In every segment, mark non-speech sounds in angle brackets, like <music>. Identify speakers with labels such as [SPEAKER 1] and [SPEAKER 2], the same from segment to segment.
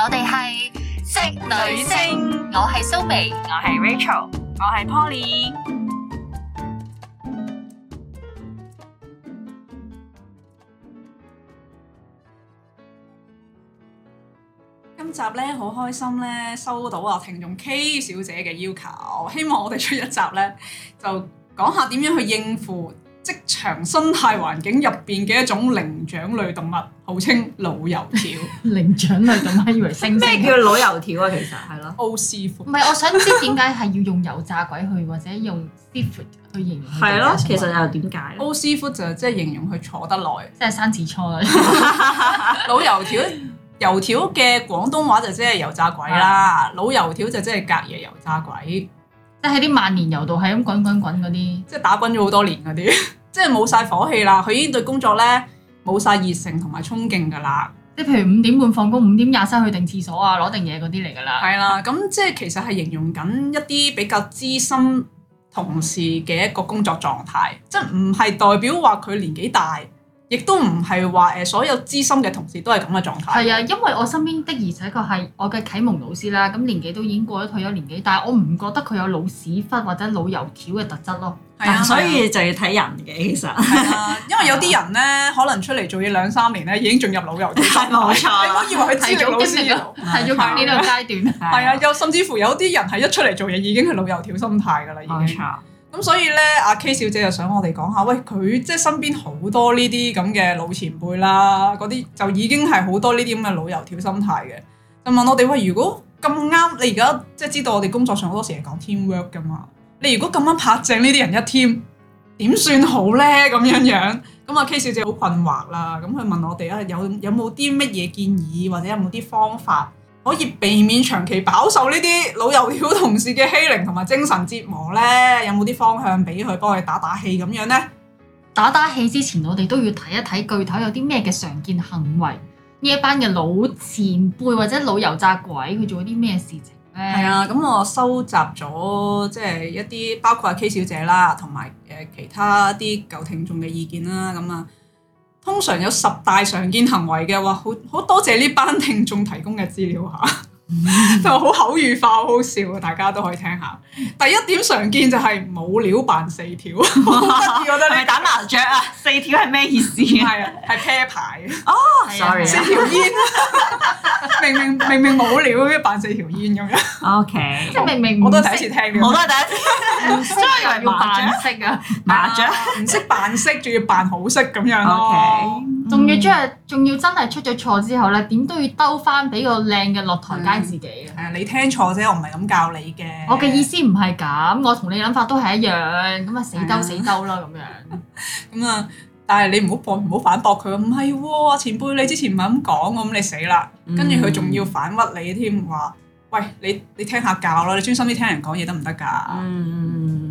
[SPEAKER 1] 我哋係職女聲，我係蘇眉，我係 Rachel，我係 Polly。今集咧好開心咧，收到啊聽眾
[SPEAKER 2] K 小姐嘅要求，希望我哋出一集咧，就講下點樣去應付。職場生態環境入邊嘅一種靈長類動物，號稱老油條。
[SPEAKER 3] 靈長 <laughs> 類
[SPEAKER 2] 動物 <laughs> 以為係猩猩，咩叫老油條啊？ <laughs> 其實係咯，老屎忽
[SPEAKER 3] 唔係，我想知點解係要用油炸鬼去，或者用屎忽去形容？係咯，其實又點解？老屎忽就即係形容佢坐得耐，即係生痔瘡啦。
[SPEAKER 2] <laughs> <laughs> 老油條，油條嘅廣東話就即係油炸鬼啦。 <laughs> 老油條就即係隔夜油炸鬼，
[SPEAKER 3] 即係啲萬年油度係咁滾滾滾嗰啲，
[SPEAKER 2] 即係打滾咗好多年嗰啲。 <laughs> 即係冇晒火氣啦，佢已經對工作呢冇晒熱誠同埋衝勁噶啦。
[SPEAKER 3] 即係譬如五點半放工，五點廿三去定廁所啊，攞定嘢嗰啲嚟噶啦。係啦，咁即係其
[SPEAKER 2] 實係形容緊一啲比較資深同事嘅一個工作狀態，即係唔係代表話佢年紀大。亦都唔係話誒所有資深嘅同事都係咁嘅狀態。係啊，
[SPEAKER 3] 因為我身邊的而且確係我嘅啟蒙老師啦，咁年紀都已經過咗退休年紀，但係我唔覺得佢有老屎忽或者老油條嘅特質咯。係啊，是所以
[SPEAKER 2] 就要
[SPEAKER 1] 睇人嘅其實、
[SPEAKER 2] 啊。因為有啲人咧， <laughs> 可能出嚟做嘢兩三年咧，已經進入老油條。冇錯。你以為佢係啲好堅定嘅？係要睇呢個階段。係啊，又、 <laughs> 啊、甚至乎有啲人係一出嚟做嘢已經係老油條心態㗎啦，已經。咁所以咧，阿 K 小姐就想我哋講下，喂，佢即係身邊好多呢啲咁嘅老前輩啦，嗰啲就已經係好多呢啲咁嘅老油條心態嘅。就問我哋，喂，如果咁啱，你而家即係知道我哋工作上好多時係講 teamwork 噶嘛？你如果咁啱拍正呢啲人一 team，點算好咧？咁樣樣，咁啊 K 小姐好困惑啦。咁佢問我哋啊，有有冇啲乜嘢建議，或者有冇啲方法？可以避免長期飽受呢啲老油條同事嘅欺凌同埋精神折磨呢？有冇啲方向俾佢幫佢打打氣咁
[SPEAKER 3] 樣呢？打打氣之前，我哋都要睇一睇具體有啲咩嘅常見行為，呢一班嘅老前輩或者老油炸鬼佢做咗啲咩事情呢？係啊，咁我收集咗即係一啲包括阿 K 小姐啦，
[SPEAKER 2] 同埋誒其他啲舊聽眾嘅意見啦，咁啊。通常有十大常見行為嘅話，好好多謝呢班聽眾提供嘅資料吓。 <laughs> 就好口語化，好好笑啊！大家都可以聽下。第一點常見就係冇料扮四條，
[SPEAKER 1] 我覺得你打麻雀啊，四條係咩意思啊？係啊，係 pair 牌啊。Sorry，四條煙。明明明明
[SPEAKER 2] 冇料，跟住扮四條煙咁樣。OK，即係明明我都係第一次聽嘅，我都係第一次。唔識麻雀
[SPEAKER 1] 啊，麻雀
[SPEAKER 2] 唔識扮識，仲要扮好識咁樣。OK。仲、嗯、要真
[SPEAKER 3] 係，仲要真係出咗錯之後咧，點都要兜翻俾個靚嘅落台階自己啊！係啊，你聽錯啫，我唔係咁
[SPEAKER 2] 教你嘅。我嘅意
[SPEAKER 3] 思唔係咁，我同你諗法都係一樣，咁啊死兜死兜啦咁的樣。咁
[SPEAKER 2] 啊， <laughs> 但係你唔好駁唔好反駁佢，唔係喎，前輩你之前唔係咁講，咁你死啦！跟住佢仲要反屈你添，話喂，你你聽下教咯，你專心啲聽人講嘢得唔得㗎？嗯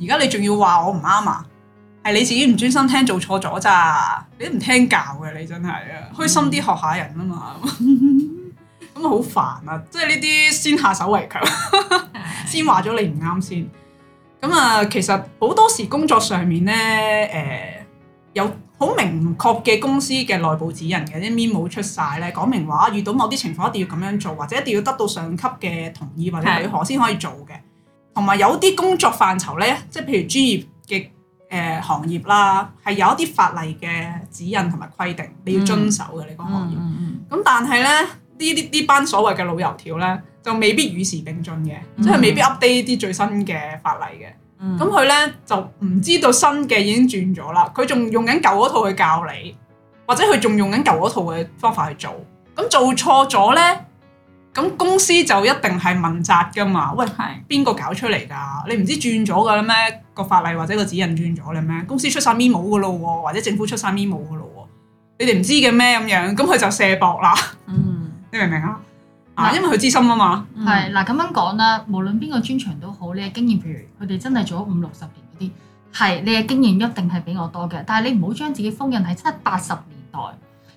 [SPEAKER 2] 而家你仲要話我唔啱啊？係你自己唔專心聽，做錯咗咋？你都唔聽教嘅，你真係啊！開心啲學下人啊嘛，咁啊好煩啊！即係呢啲先下手為強， <laughs> 先話咗你唔啱先。咁啊，其實好多時工作上面咧，誒、呃、有好明確嘅公司嘅內部指引嘅，啲面冇出晒咧。講明話，遇到某啲情況一定要咁樣做，或者一定要得到上級嘅同意或者許可先可以做嘅。同埋的有啲工作範疇咧，即係譬如專業嘅。誒、呃、行業啦，係有一啲法例嘅指引同埋規定，你要遵守嘅、嗯、你個行業。咁、嗯嗯、但係咧，呢啲呢班所謂嘅老油條咧，就未必與時並進嘅，嗯、即係未必 update 啲最新嘅法例嘅。咁佢咧就唔知道新嘅已經轉咗啦，佢仲用緊舊嗰套去教你，或者佢仲用緊舊嗰套嘅方法去做，咁做錯咗咧。咁公司就一定係問責噶嘛？喂，邊個搞出嚟㗎？你唔知轉咗㗎啦咩？個法例或者個指引轉咗啦咩？公司出晒 memo 㗎咯喎，或者政府出晒 memo 㗎咯喎？你哋唔知嘅咩咁樣？咁佢就卸膊啦。嗯，你明唔明啊？嗯、啊，因為佢資深啊嘛。係
[SPEAKER 3] 嗱，咁樣講啦，無論邊個專長都好，你嘅經驗，譬如佢哋真係做咗五六十年嗰啲，係你嘅經驗一定係比我多嘅。但係你唔好將自己封印喺七八十年代。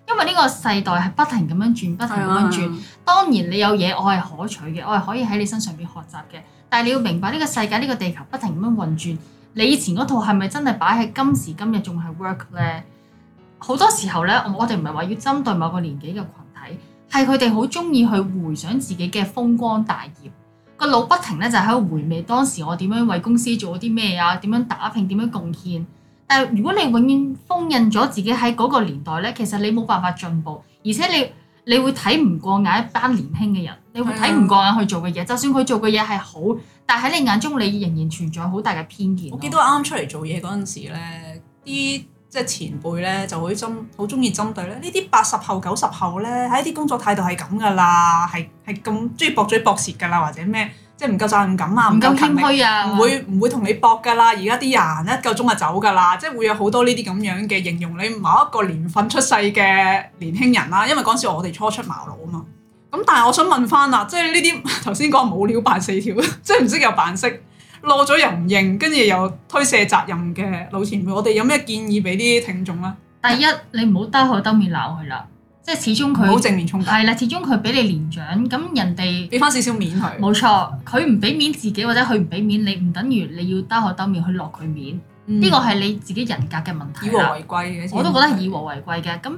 [SPEAKER 3] 因為呢個世代係不停咁樣轉，不停咁樣轉。啊啊、當然你有嘢，我係可取嘅，我係可以喺你身上邊學習嘅。但係你要明白呢個世界，呢、這個地球不停咁樣運轉。你以前嗰套係咪真係擺喺今時今日仲係 work 咧？好多時候咧，我哋唔係話要針對某個年紀嘅群體，係佢哋好鍾意去回想自己嘅風光大業。個腦不停咧就喺、是、度回味當時我點樣為公司做咗啲咩啊？點樣打拼？點樣貢獻？但如果你永遠封印咗自己喺嗰個年代咧，其實你冇辦法進步，而且你你會睇唔過眼一班年輕嘅人，你會睇唔過眼去做嘅嘢。的就算佢做嘅嘢係好，但喺你眼中你仍然存在好大嘅偏見。我
[SPEAKER 2] 記得啱出嚟做嘢嗰陣時咧，啲即係前輩咧就會針好鍾意針對咧呢啲八十後九十後咧，喺啲工作態度係咁噶啦，係係咁鍾意駁嘴駁舌噶啦，或者咩？即係唔夠責任感啊，唔夠，唔夠謙虛啊，唔會唔會同你搏噶啦。而家啲人一夠鍾就走噶啦，即係會有好多呢啲咁樣嘅形容你某一個年份出世嘅年輕人啦，啊。因為嗰時我哋初出茅廬啊嘛。咁但係我想問翻啊，即係呢啲頭先講冇料扮四條，即係唔識又扮識落咗又唔認，跟住又推卸責任嘅老前
[SPEAKER 3] 輩，我哋有咩建議俾啲聽眾咧？第一，你唔好兜口兜面鬧佢啦。即係始終佢唔好正面衝突，係啦，始終佢俾你年長，咁人哋俾翻少少面佢。冇錯，佢唔俾面自己或者佢唔俾面你，唔等於你要兜口兜面去落佢面。呢個係你自己人格嘅問題，以和為貴嘅。貴我都覺得係以和為貴嘅。咁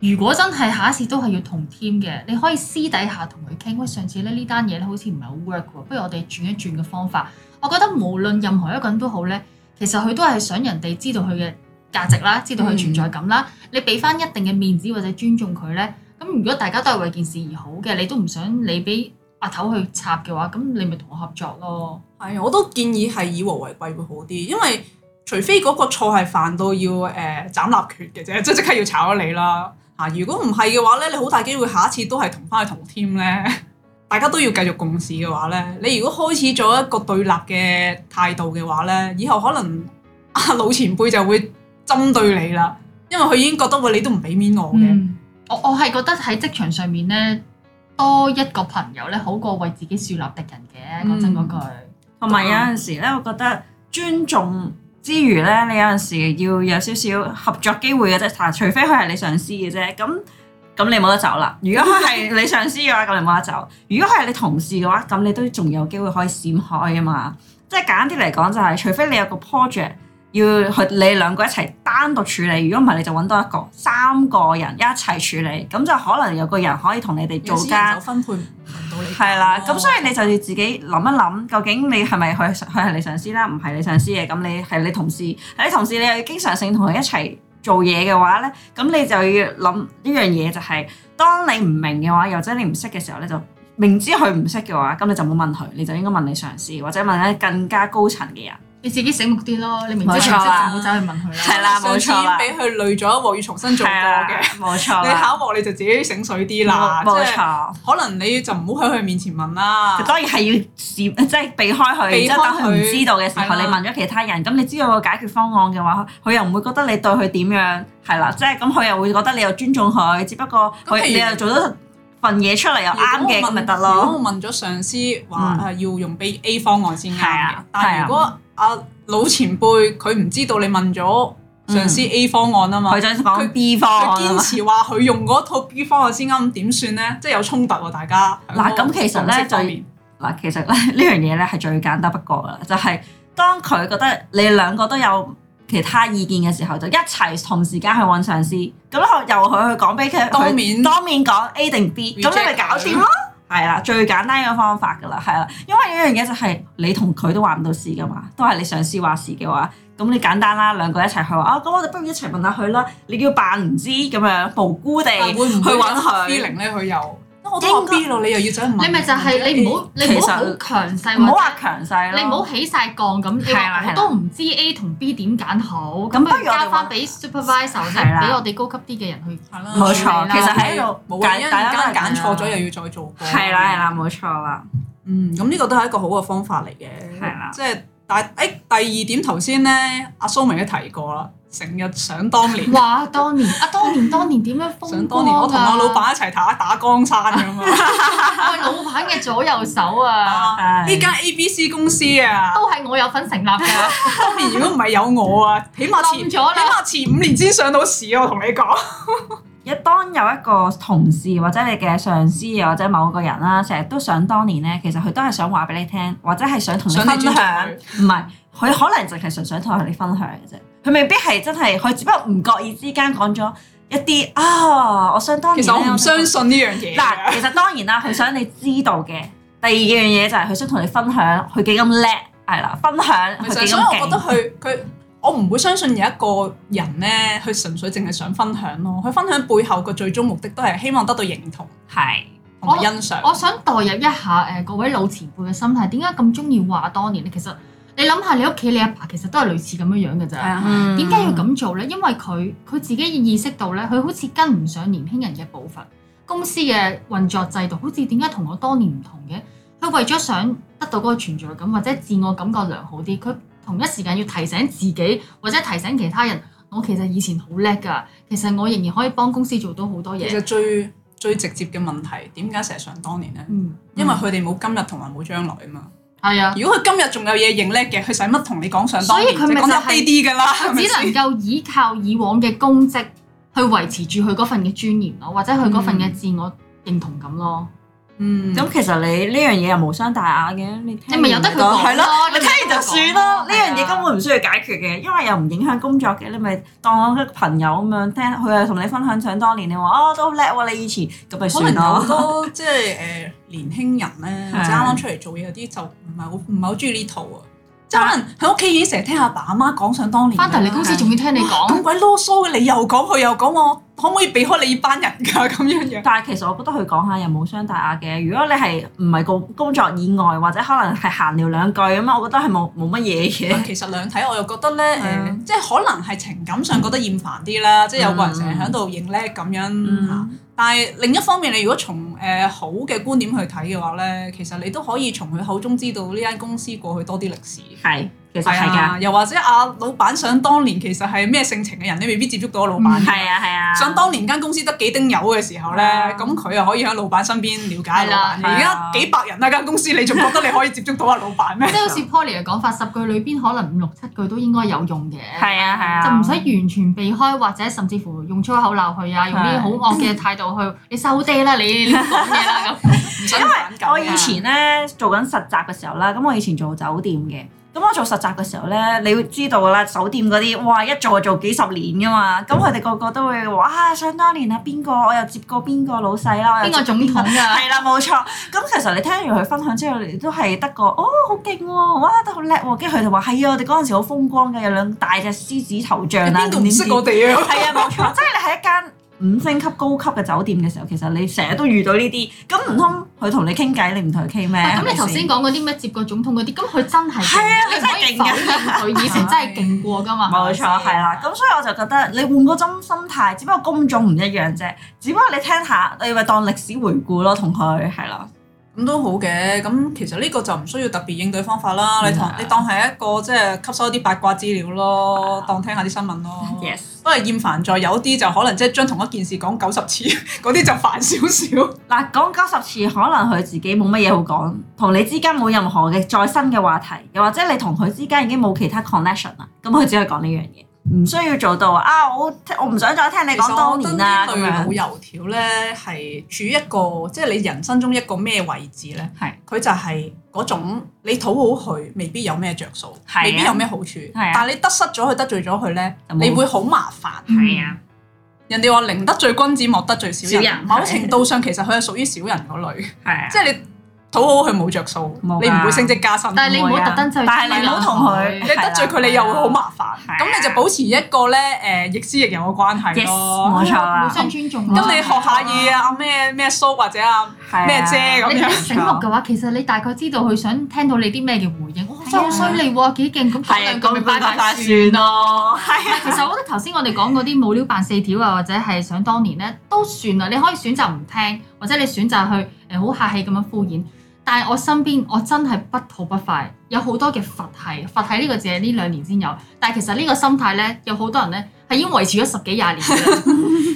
[SPEAKER 3] 如果真係下一次都係要同 team 嘅，你可以私底下同佢傾。喂，上次咧呢單嘢咧好似唔係好 work 喎，不如我哋轉一轉嘅方法。我覺得無論任何一個人都好咧，其實佢都係想人哋知道佢嘅。價值啦，知道佢存在感啦，嗯、你俾翻一定嘅面子或者尊重佢呢。咁如果大家都係為件事而好嘅，你都唔想你俾阿頭去插嘅話，咁你咪同我合作咯。係啊，我都建議係以和為貴會好啲，因為除非嗰個錯
[SPEAKER 2] 係犯到要誒、呃、斬立決嘅啫，即即刻要炒咗你啦嚇、啊。如果唔係嘅話呢，你好大機會下一次都係同翻去同 team 呢，大家都要繼續共事嘅話呢，你如果開始咗一個對立嘅態度嘅話呢，以後可能阿老前輩
[SPEAKER 3] 就會。針對你啦，因為佢已經覺得餵你都唔俾面我嘅，嗯。我我係覺得喺職場上面咧，多一個朋友咧，好過為自己樹立敵人嘅。講真嗰句，
[SPEAKER 1] 同埋、嗯、有陣時咧，我覺得尊重之餘咧，你有陣時要有少少合作機會嘅啫。嚇，除非佢係你上司嘅啫，咁咁你冇得走啦。如果佢係你上司嘅話，咁你冇得走；如果佢係你同事嘅話，咁你都仲有機會可以閃開啊嘛。即、就、係、是、簡單啲嚟講，就係除非你有個 project。要去你兩個一齊單獨處理，如果唔係你就揾多一個三個人一齊處理，咁就可能有個人可以同你哋做家，分配唔到你。係啦的，咁、啊、所以你就要自己諗一諗，究竟你係咪佢佢係你上司啦？唔係你上司嘅咁，你係你同事，係你同事，你又要經常性同佢一齊做嘢嘅話咧，咁你就要諗呢樣嘢就係、是，當你唔明嘅話，又或者你唔識嘅時候你就明知佢唔識嘅話，咁你就唔好問佢，你就應該問你上司，或者問一更加高層嘅人。
[SPEAKER 3] 你自己醒目啲咯，你明知明知就唔好走去問佢啦。係啦，冇錯啦。上次俾
[SPEAKER 2] 佢累咗一鑊，要重新做過嘅，冇錯。你考一鑊你就自己醒水啲啦，即係可能你就唔好喺佢面前問啦。佢當然係要即
[SPEAKER 1] 係避開佢，然之後等佢唔知道嘅時候，你問咗其他人。咁你知道個解決方案嘅話，佢又唔會覺得你對佢點樣係啦。即係咁，佢又會覺得你又尊重佢，只不過佢你又做咗份嘢出嚟又啱嘅，咁咪得咯。如果我問咗上司
[SPEAKER 2] 話要用 B A 方案先啱嘅，但如果阿老前輩佢唔知道你問咗上司 A 方案啊嘛，佢、嗯、想講 B 方案，佢堅持話佢用嗰套 B 方案
[SPEAKER 1] 先啱，點算咧？即係有衝突喎、啊，大家。嗱咁那其實咧最嗱其實咧呢樣嘢咧係最簡單不過噶啦，就係、是、當佢覺得你兩個都有其他意見嘅時候，就一齊同時間去揾上司，咁咧由佢去講俾佢當面當面講 A 定 B，咁 reject 你咪搞掂咯～係啦，最簡單嘅方法噶啦，係啦，因為一樣嘢就係你同佢都話唔到事噶嘛，都係你上司話事嘅話，咁你簡單啦，兩個一齊去啊，咁、啊、我哋不如一齊問一下佢啦，你叫扮唔知咁樣，無辜地唔去揾
[SPEAKER 3] 佢他。B 咯，你又要想問？你咪就係你唔好，你唔好強勢，唔好話強勢啦，你唔好起晒槓咁。係啦係啦，都唔知 A 同 B 點揀好，咁不如加翻俾 supervisor 即係俾我哋高級啲嘅人去。係啦，冇錯。
[SPEAKER 2] 其實喺度揀大家揀錯咗又要再做過。係啦係啦，冇錯啦。嗯，
[SPEAKER 3] 咁呢個都係一個
[SPEAKER 2] 好嘅方法嚟嘅。係啦，即係但係誒第二點頭先咧，阿蘇明都提過啦。成日想當年，話
[SPEAKER 3] 當年啊，當年當年點樣風光、啊、想當年我同我老闆
[SPEAKER 2] 一齊打打江山
[SPEAKER 3] 咁啊！ <laughs> <laughs> 我係老闆嘅左右手啊！
[SPEAKER 2] 呢間、啊啊、A B C 公司啊，都係我有份成立嘅。 <laughs> 當年如果唔係有我啊，起碼前了起碼前五年先上到市啊！我同你講。若
[SPEAKER 1] <laughs> 當有一個同事或者你嘅上司或者某個人啦，成日都想當年咧，其實佢都係想話俾你聽，或者係想同你分享，唔係佢可能淨係純想同你分享嘅啫。佢未必係真係，佢只不過唔覺意之間講咗一啲啊！我想當年其實我唔相信呢樣嘢嗱。其實當然啦，佢想你知道嘅 <laughs> 第二樣嘢就係、是、佢想同你分享佢幾咁叻係啦，分享其實所以，我覺得佢佢我唔會相信有一
[SPEAKER 2] 個人咧，佢純粹淨係想分享咯。佢分享背後個最終目的都係希望得到認同，係同埋欣賞我。
[SPEAKER 3] 我想代入一下誒、呃、各位老前輩嘅心態，點解咁鍾意話當年咧？其實。你諗下，你屋企你阿爸，爸其實都係類似咁樣、嗯、樣嘅咋。點解要咁做呢？因為佢佢自己意識到呢，佢好似跟唔上年輕人嘅步伐，公司嘅運作制度好似點解同我當年唔同嘅。佢為咗想得到嗰個存在感或者自我感覺良好啲，佢同一時間要提醒自己或者提醒其他人，我其實以前好叻㗎，其實我仍然可以幫公司做到好多嘢。其實最
[SPEAKER 2] 最直接嘅問題，點解成日想當年呢？嗯嗯、因為佢哋冇今日同埋冇將來啊嘛。係啊！如果佢今日仲有嘢認叻嘅，佢使乜同你講想當年？所以佢咪就係、是、佢只能夠
[SPEAKER 3] 依靠以往嘅功績去維持住佢嗰份嘅尊嚴咯，或者佢嗰份嘅自、嗯、我
[SPEAKER 1] 認同感咯。嗯，咁其實你呢樣嘢又無傷大雅嘅，你聽完就講，係咯了，你聽完就算咯。呢樣嘢根本唔需要解決嘅，了因為又唔影響工作嘅，你咪當一個朋友咁樣聽。佢又同你分享想當年，你話哦，都好叻喎，你以前咁咪算咯。可能好多
[SPEAKER 2] 即係誒年輕人咧，啱啱 <laughs> 出嚟做嘢有啲就唔係好唔係好中意呢套啊。即但可能喺屋企已經成日聽阿爸阿媽講想當年，翻到嚟公司仲
[SPEAKER 1] 要聽你講，咁鬼囉嗦嘅，你又講佢又講，我可唔可以避開你班人㗎咁樣？但係其實我覺得佢講下又冇傷大雅嘅。如果你係唔係個工作以外，或者可能係閒聊兩句咁啊，我覺得係冇冇乜
[SPEAKER 2] 嘢嘅。其
[SPEAKER 1] 實兩睇我又覺得咧，誒、嗯，即係、呃、可能
[SPEAKER 2] 係情感上覺得厭煩啲啦，嗯、即係有個人成日喺度認叻咁樣嚇。嗯嗯。但係另一方面，你如果你從誒、呃、好嘅觀點去睇嘅話咧，其實你都可以從佢口中知道呢間公司過去多啲歷史。係。係啊，又或者阿老闆想當年其實係咩性情嘅人，你未必接觸到阿老闆。係啊係啊，想當年間公司得幾丁友嘅時候咧，咁佢又可以喺老闆身邊了解老闆。而家幾百人啊間公司，你仲覺得你可以接觸到
[SPEAKER 3] 阿老闆咩？即係好似 Poly 嘅講法，十句裏邊可能五六七句都應該有用嘅。係啊係啊，就唔使完全避開，或者甚至乎用粗口鬧佢啊，用啲好惡嘅態度去，你收爹啦你講嘢啦。因為我以前咧做緊實習嘅時候啦，
[SPEAKER 1] 咁我以前做酒店嘅。咁我做實習嘅時候咧，你會知道啦，酒店嗰啲，哇，一做就做幾十年噶嘛，咁佢哋個個都會話啊，想當年啊，邊個我又接過邊個老細啦，邊個總統㗎？係啦，冇錯。咁其實你聽完佢分享之後，你都係得個哦，好勁喎、哦，哇，得好叻喎、哦。跟住佢就話係啊，我哋嗰陣時好風光嘅，有兩大隻獅子頭像啊，邊度識我哋啊？係啊， <laughs> 冇錯，即係你係一間。五星級高級嘅酒店嘅時候，其實你成日都遇到呢啲，咁唔通佢同你傾偈，你唔同佢傾咩？咁你頭先
[SPEAKER 3] 講嗰啲咩接過總統嗰啲，咁佢真係係啊，真係勁嘅，佢以前 <laughs> 真係勁過㗎嘛。冇錯，係啦，
[SPEAKER 1] 咁所以我就覺得你換個心心態，只不過公眾唔一樣啫，只不過你聽下，你咪當歷史回顧咯，同佢係啦。咁都好嘅，咁其實呢個就唔需要特
[SPEAKER 2] 別應對方法啦。你同 Yeah. 你當係一個即係吸收啲八卦資料咯，Wow. 當聽下啲新聞咯。yes。不過厭煩在有啲就可能即係將同一件事講九十次，嗰 <laughs> 啲就煩
[SPEAKER 1] 少少。嗱，講九十次，可能佢自己冇乜嘢好講，同你之間冇任何嘅再新嘅話題，又或者你同佢之間已經冇其他 connection 啦，咁佢只係講呢樣嘢。唔需要做到啊！我我唔想再聽你講當年啦。對，老油條咧
[SPEAKER 2] 係處於一個即係、就是、你人生中一個咩位置咧？係佢是就係嗰種你討好佢，未必有咩著數，啊、未必有咩好處。係、啊、但係你得失咗佢，得罪咗佢咧，有有你會好麻煩。係啊，人哋話寧得罪君子，莫得罪小人。人某程度上，其實佢係屬於小人嗰類。啊，即係、啊、你。討好佢冇着數，啊、你唔會升職加薪。但係你唔好特登去、啊，但係你唔好同佢，啊、你得罪佢你又會好麻煩。咁、啊、你就保持一個咧，誒、啊，亦師亦友嘅關係咯，冇、yes, 錯互、啊、相尊重、啊。
[SPEAKER 3] 咁你學下嘢啊，
[SPEAKER 2] 咩咩蘇或者啊。咩啫咁醒目
[SPEAKER 3] 嘅話，其實你大概知道佢想聽到你啲咩嘅回應，好犀利喎，幾勁咁！大人講大話算咯，係啊。其實我覺得頭先我哋講嗰啲冇料扮四條啊，或者係想當年咧都算啦。你可以選擇唔聽，或者你選擇去誒好、呃、客氣咁樣敷衍。但係我身邊我真係不吐不快，有好多嘅佛系，佛系呢個字係呢兩年先有，但係其實呢個心態咧，有好多人咧。係已經維持咗十幾廿年啦，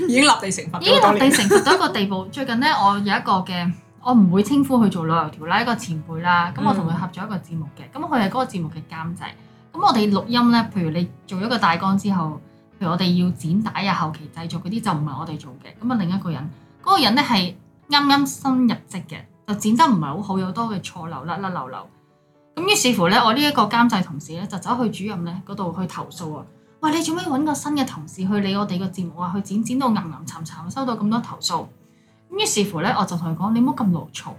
[SPEAKER 3] <laughs> 已經立地成佛， <laughs> 已經立地成佛到一個地步。最近咧，我有一個嘅，我唔會稱呼佢做老油條啦，一個前輩啦。咁我同佢合咗一個節目嘅，咁佢係嗰個節目嘅監製。咁我哋錄音咧，譬如你做咗個大綱之後，譬如我哋要剪帶啊、後期製作嗰啲就唔係我哋做嘅。咁啊，另一個人，嗰個人咧係啱啱新入職嘅，就剪得唔係好好，有多嘅錯漏甩甩漏漏。咁於是乎咧，我呢一個監製同事咧就走去主任咧嗰度去投訴啊！喂，你做咩揾個新嘅同事去理我哋個節目啊？去剪剪到陰陰沉沉，收到咁多投訴。咁於是乎呢，我就同佢講：你唔好咁囉嘈。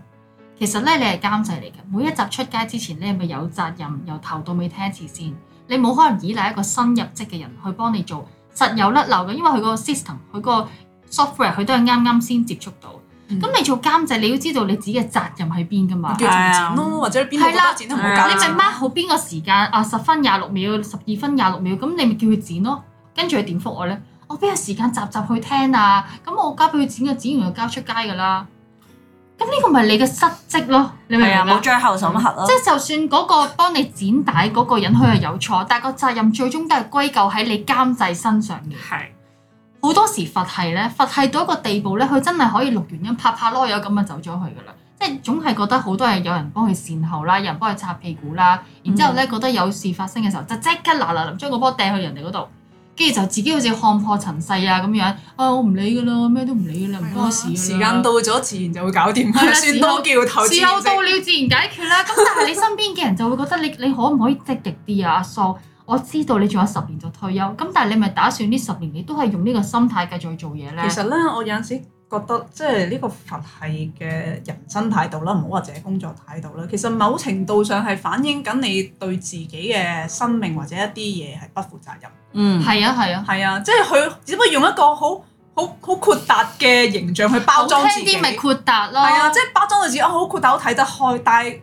[SPEAKER 3] 其實呢，你係監製嚟嘅，每一集出街之前呢，你咪有責任由頭到尾聽一次先。你冇可能依賴一個新入職嘅人去幫你做實有甩漏嘅，因為佢個 system、佢個 software 佢都係啱啱先接觸到。咁、嗯、你做監製，你要知道你自己嘅責任喺邊噶嘛？叫佢剪咯，或者邊多剪都冇、啊啦嗯、你咪 mark 好邊個時間啊，十分廿六秒，十二分廿六秒。咁你咪叫佢剪咯。跟住佢點覆我咧，我邊有時間集集去聽啊？咁我交俾佢剪嘅，剪完就交出街噶啦。咁呢個咪你嘅失職咯？你
[SPEAKER 1] 明唔明啊？冇最後審核咯。即係、
[SPEAKER 3] 嗯、就算嗰個幫你剪帶嗰個人，佢係有錯， <laughs> 但係個責任最終都係歸咎喺你監製身上嘅。係。好多時佛系咧，佛系到一個地步咧，佢真係可以錄完音，拍拍籮柚咁就走咗去㗎啦。即係總係覺得好多嘢有人幫佢善後啦，有人幫佢擦屁股啦。然之後咧，嗯、覺得有事發生嘅時候就即刻嗱嗱臨將個波掟去人哋嗰度，跟住就自己好似看破塵世啊咁樣。啊，我唔理㗎啦，咩都唔理㗎啦，唔多、啊、事㗎啦。時間到咗
[SPEAKER 2] 自然就會搞掂啦，算事後到了自然
[SPEAKER 3] 解決啦。咁 <laughs> 但係你身邊嘅人就會覺得你你，你可唔可以積極啲啊，阿蘇？我知道你仲有十年就退休，咁但係你咪打算呢十年你都係用呢個心態繼續做嘢咧？其實咧，我有陣時覺得即係
[SPEAKER 2] 呢個佛系嘅人生態度啦，唔好話只係工作態度啦。其實某程度上係反映緊你對自己嘅生命或者一啲嘢係不負責任。嗯，係啊，係啊，係啊，即係佢只不過用一個好好好闊達嘅形象去包裝自己，好聽啲咪闊達咯。係啊，即係包裝到自己，哦，好闊達，好睇得開，但係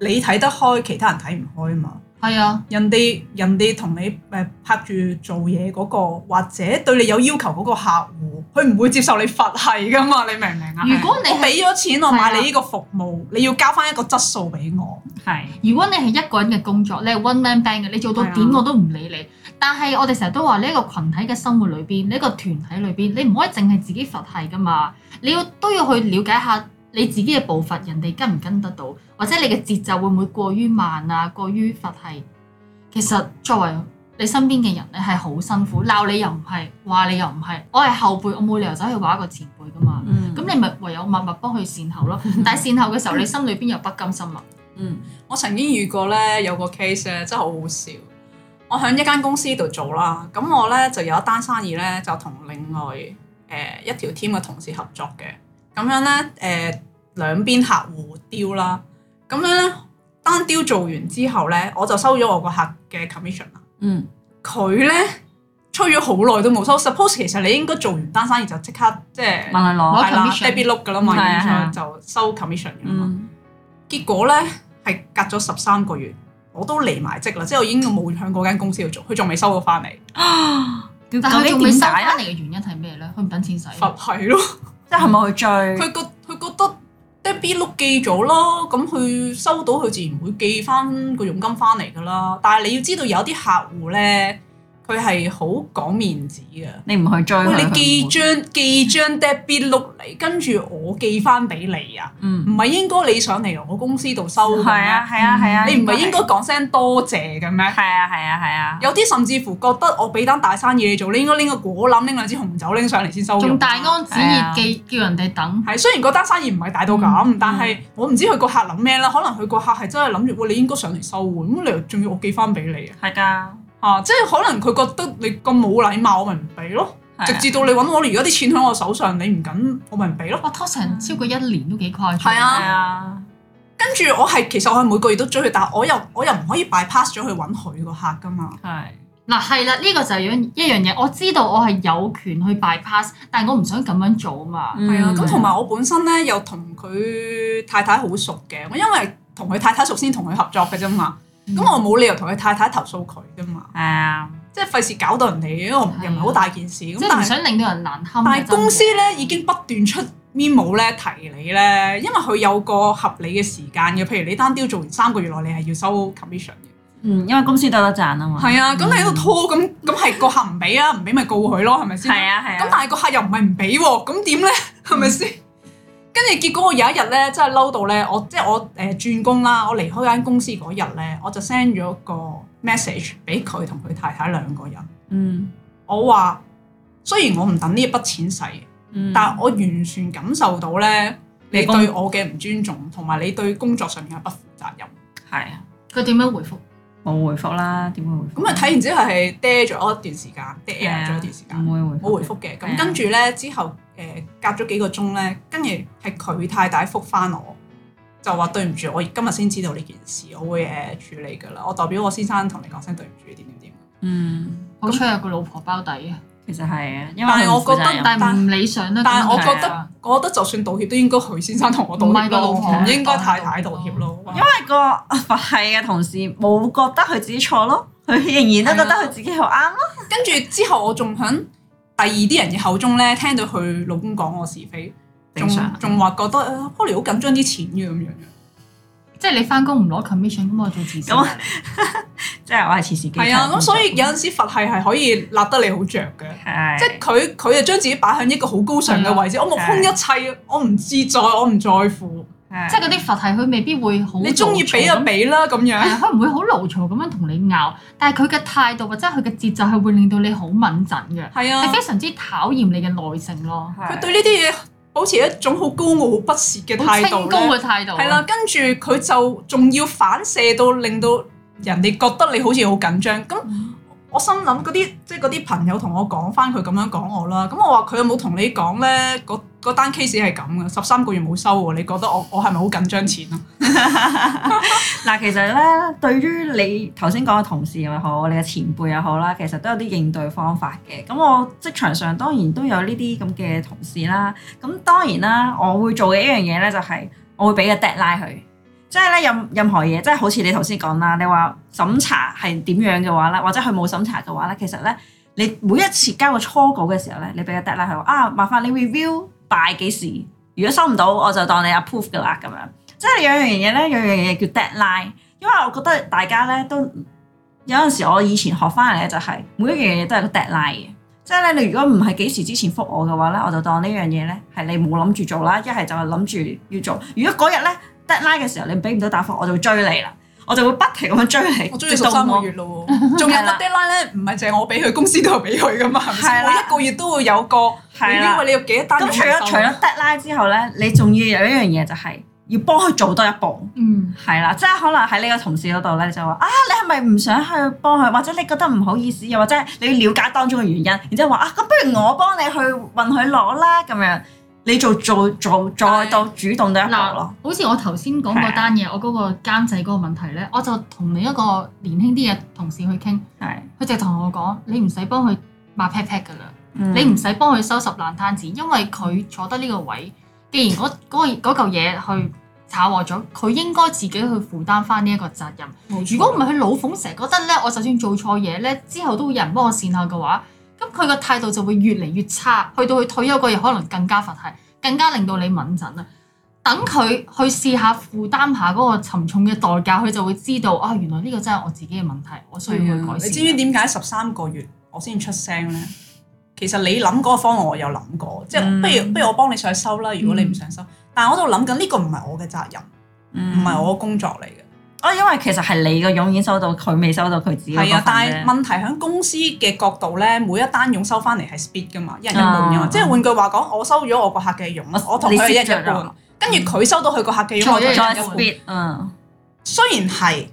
[SPEAKER 2] 你睇得開，其他人睇唔開啊嘛。係啊，人哋人哋同你誒拍住做嘢嗰個，或者對你有要求嗰個客戶，佢唔會接受你佛系噶嘛，你明唔明啊？如果你俾咗錢我買你呢個服
[SPEAKER 3] 務，的你要交翻一個質素俾我。係的，如果你係一個人嘅工作，你係 one man band 嘅，你做到點我都唔理你。的但係我哋成日都話，呢一個群體嘅生活裏邊，呢一個團體裏邊，你唔可以淨係自己佛系噶嘛，你要都要去了解下。你自己嘅步伐，人哋跟唔跟得到，或者你嘅節奏會唔會過於慢啊？過於佛系，其實作為你身邊嘅人，你係好辛苦，鬧你又唔係，話你又唔係，我係後輩，我冇理由走去話一個前輩噶嘛。咁、嗯、你咪唯有默默幫佢善後咯。嗯、但係善後嘅時候，你心裏邊又不甘心啊。嗯，我曾經遇
[SPEAKER 2] 過呢，有個 case 咧，真係好好笑。我喺一間公司度做啦，咁我呢，就有一單生意呢，就同另外誒、呃、一條 team 嘅同事合作嘅，咁樣呢。誒、呃。兩邊客戶丟啦，咁樣單雕做完之後咧，我就收咗我個客嘅 commission 啦。嗯，佢咧吹咗好耐都冇收。Suppose 其實你應該做完單生意就即刻即係攞 commission，攞 commission 嘅啦嘛。係係的，就收 commission 嘅嘛。的嗯、結果咧係隔咗十三個月，我都離埋職啦，即係我已經冇向嗰間公司去做，佢仲未收到翻嚟啊。
[SPEAKER 3] 咁你點解翻嚟嘅原因係咩咧？佢唔等
[SPEAKER 2] 錢使，係咯，即係係咪去追佢即係 B l 寄咗咯，咁佢收到，佢自然會寄翻個佣金翻嚟噶啦。但係你要知道有啲客戶咧。佢係好講面子啊！你唔去追，你寄張寄張 debit note 嚟，跟住我寄翻俾你啊！唔係、嗯、應該你上嚟我公司度收嘅係啊係啊係啊！啊啊你唔係應該講聲多謝嘅咩？係啊係啊係啊！啊啊有啲甚至乎覺得我俾單大生意你做，你應該拎個果籃拎兩支紅酒拎上嚟先收仲大安旨意寄、啊、叫人哋等。係、啊、雖然嗰單生意唔係大到咁，嗯嗯、但係我唔知佢個客諗咩啦。可能佢個客係真係諗住，喂你應該上嚟收咁你仲要我寄翻俾你啊？係㗎。啊！即係可能佢覺得你咁冇禮貌，我咪唔俾咯。啊、直至到你揾我，如果啲錢喺我手上，你唔緊，我咪唔俾咯。拖成超過一年、嗯、都幾快。係啊，啊跟住我係其實我係每個月都追佢，但係我
[SPEAKER 3] 又我又唔可以 bypass 咗去揾佢個客噶嘛。係嗱、啊，係啦、啊，呢、呢個就係一一樣嘢。我知道我係有權去 bypass，但我唔想咁樣做嘛。係、嗯、啊，咁同埋我本
[SPEAKER 2] 身咧又同佢太太好熟嘅，我因為同佢太太熟先同佢合作嘅啫嘛。咁我冇理由同佢太太投訴佢噶嘛，係啊，即係費事搞到人哋，又唔係好大件事，即係唔想
[SPEAKER 3] 令到人難堪。但係公司
[SPEAKER 2] 咧已經不斷出 memo 咧提你咧，因為佢有個合理嘅時間嘅，譬如你單雕做完三個月內，你係要收 commission 嘅。嗯，因為公司得得賺啊嘛。係啊，咁你喺度拖咁，咁係個客唔俾啊，唔俾咪告佢咯，係咪先？係啊，係啊。咁但係個客又唔係唔俾喎，咁點咧？係咪先？跟住結果，我有一日咧，真係嬲到咧，我即係我誒轉工啦，我離開間公司嗰日咧，我就 send 咗個 message 俾佢同佢太太兩個人。嗯，我話雖然我唔等呢筆錢使，嗯、但我完全感受到咧，你對我嘅唔尊重，同埋你，公你對工作上面嘅不負責任。係啊，
[SPEAKER 1] 佢點樣回覆？冇回覆啦，點樣回覆？咁啊睇完之後
[SPEAKER 2] 係 dead 咗一段時間 dead 咗一段時間，冇、啊、回覆，冇回覆嘅。咁跟住咧之後呢。之後誒隔咗幾個鐘咧，跟住係佢太太覆返我，就話對唔住，我今日先知道呢件事，我會誒處理噶啦。我代表我先生同你講聲對唔住，點點
[SPEAKER 3] 點。嗯，好彩有個老婆包
[SPEAKER 2] 底啊，其實係啊，因為但係我覺得但係唔理想啦。但係我覺得，但就是、我覺得就算道歉，
[SPEAKER 1] 都應該佢先生同我道歉唔老婆應該太太道歉咯。因為、嗰個係嘅、嗯嗰個、同事冇覺得佢自己錯咯，佢仍然都覺得佢自己好啱咯。跟住的 <laughs> 之後
[SPEAKER 2] 我仲肯。第二啲人嘅口中咧，聽到佢老公講我是非，仲
[SPEAKER 3] 仲話覺得 Holly 好緊張啲錢嘅咁樣樣，嗯、即係你翻工唔攞 commission 咁我做自己。咁
[SPEAKER 2] <laughs> <laughs> 即係我係慈善基金，係啊，咁、嗯、所以有陣時佛系係可以立得你好着嘅，啊、即係佢佢就將自己擺向一個好高尚嘅位置，啊、我目空一切，啊啊、我唔
[SPEAKER 3] 志在，我唔在乎。 <music> 即係嗰啲佛系佢未必會好，你中意俾就俾啦咁樣，佢唔會好勞嘈咁樣同你拗，但係佢嘅態度或者佢嘅節奏係會令到你好敏陣嘅，係啊，你非常之考驗你嘅耐性咯。佢、啊、對呢啲嘢保持一種好
[SPEAKER 2] 高傲、好不屑嘅態度，清高嘅態度係啦。跟住佢就仲要反射到令到人哋覺得你好似好緊張咁。嗯我心諗嗰啲即係嗰啲朋友同我講翻佢咁樣講我啦，咁我話佢，有冇同你講呢？嗰嗰單 case 係咁嘅：那個「十
[SPEAKER 1] 三個月冇收喎。你覺得我我係咪好緊張錢啊？嗱， <laughs> <laughs> 其實呢，對於你頭先講嘅同事又好，你嘅前輩又好啦，其實都有啲應對方法嘅。咁我職場上當然都有呢啲咁嘅同事啦。咁當然啦，我會做嘅一樣嘢呢，就係我會俾個 deadline 佢。即係咧，任任何嘢，即係好似你頭先講啦，你話審查係點樣嘅話咧，或者佢冇審查嘅話咧，其實咧，你每一次交個初稿嘅時候咧，你俾個 deadline，佢話啊，麻煩你 review by 幾時？如果收唔到，我就當你 approve 噶啦，咁樣。即係兩樣嘢咧，兩樣嘢叫 deadline，因為我覺得大家咧都有陣時，我以前學翻嚟就係咧每一樣嘢都係個 deadline 嘅。即係咧，你如果唔係幾時之前覆我嘅話咧，我就當呢樣嘢咧係你冇諗住做啦，一係就係諗住要做。如果嗰日咧，Deadline 嘅時候，你俾唔到答覆，我就會追你啦，我就會不停咁樣追你。我追咗三個月咯，
[SPEAKER 2] 仲 <laughs> 有個 Deadline 咧，唔係淨係我俾佢，公司都係俾佢噶
[SPEAKER 1] 嘛。係啊，啦每一個月都會有個，啦因為你要幾多單咁、嗯、除咗 <laughs> 除咗 Deadline 之後咧，你仲要有一樣嘢就係、是、要幫佢做多一步。嗯，係啦，即係可能喺你個同事嗰度咧，就話啊，你係咪唔想去幫佢？或者你覺得唔好意思，又或者你要了解當中嘅原因，然之後話啊，咁、啊、不如我幫你去允許攞啦，咁樣。你就做做再多是主動都係嗱，
[SPEAKER 3] 好似我頭先講嗰單嘢，是我嗰個監製嗰個問題呢，我就同另一個年輕啲嘅同事去傾，佢是就同我講：你唔使幫佢抹 pat pat 㗎啦，嗯、你唔使幫佢收拾爛攤子，因為佢坐得呢個位，既然嗰嗰嚿嘢去炒壞咗，佢、嗯、應該自己去負擔翻呢一個責任。如果唔係佢老奉成日覺得呢，我就算做錯嘢呢，之後都會有人幫我善後嘅話。咁佢個態度就會越嚟越差，去到佢退休嗰日可能更加佛系，更加令到你敏感啊！等佢去試下負擔下嗰個沉重嘅代價，佢就會知道啊，原來呢個真係我自己嘅問題，我需要去改善。你知唔知點解十三個月我先出聲咧？
[SPEAKER 2] 其實你諗嗰個方案我有諗過， <laughs> 即係不如不如我幫你上去收啦。如果你唔想收，嗯、
[SPEAKER 1] 但係我都喺度諗緊呢個唔係我嘅責任，
[SPEAKER 2] 唔係、嗯、我嘅
[SPEAKER 1] 工作嚟嘅。啊、因為其實係你個佣已經收到，佢未收到，佢自己係啊，但係問
[SPEAKER 2] 題喺公司嘅角度咧，每一單傭收翻嚟係 speed 噶嘛，一人一半噶嘛。啊、即係換句話講，我收咗我個客嘅傭，啊、我同佢一人一半，跟住佢收到佢個客嘅傭，我同佢一人一半，嗯。雖然係。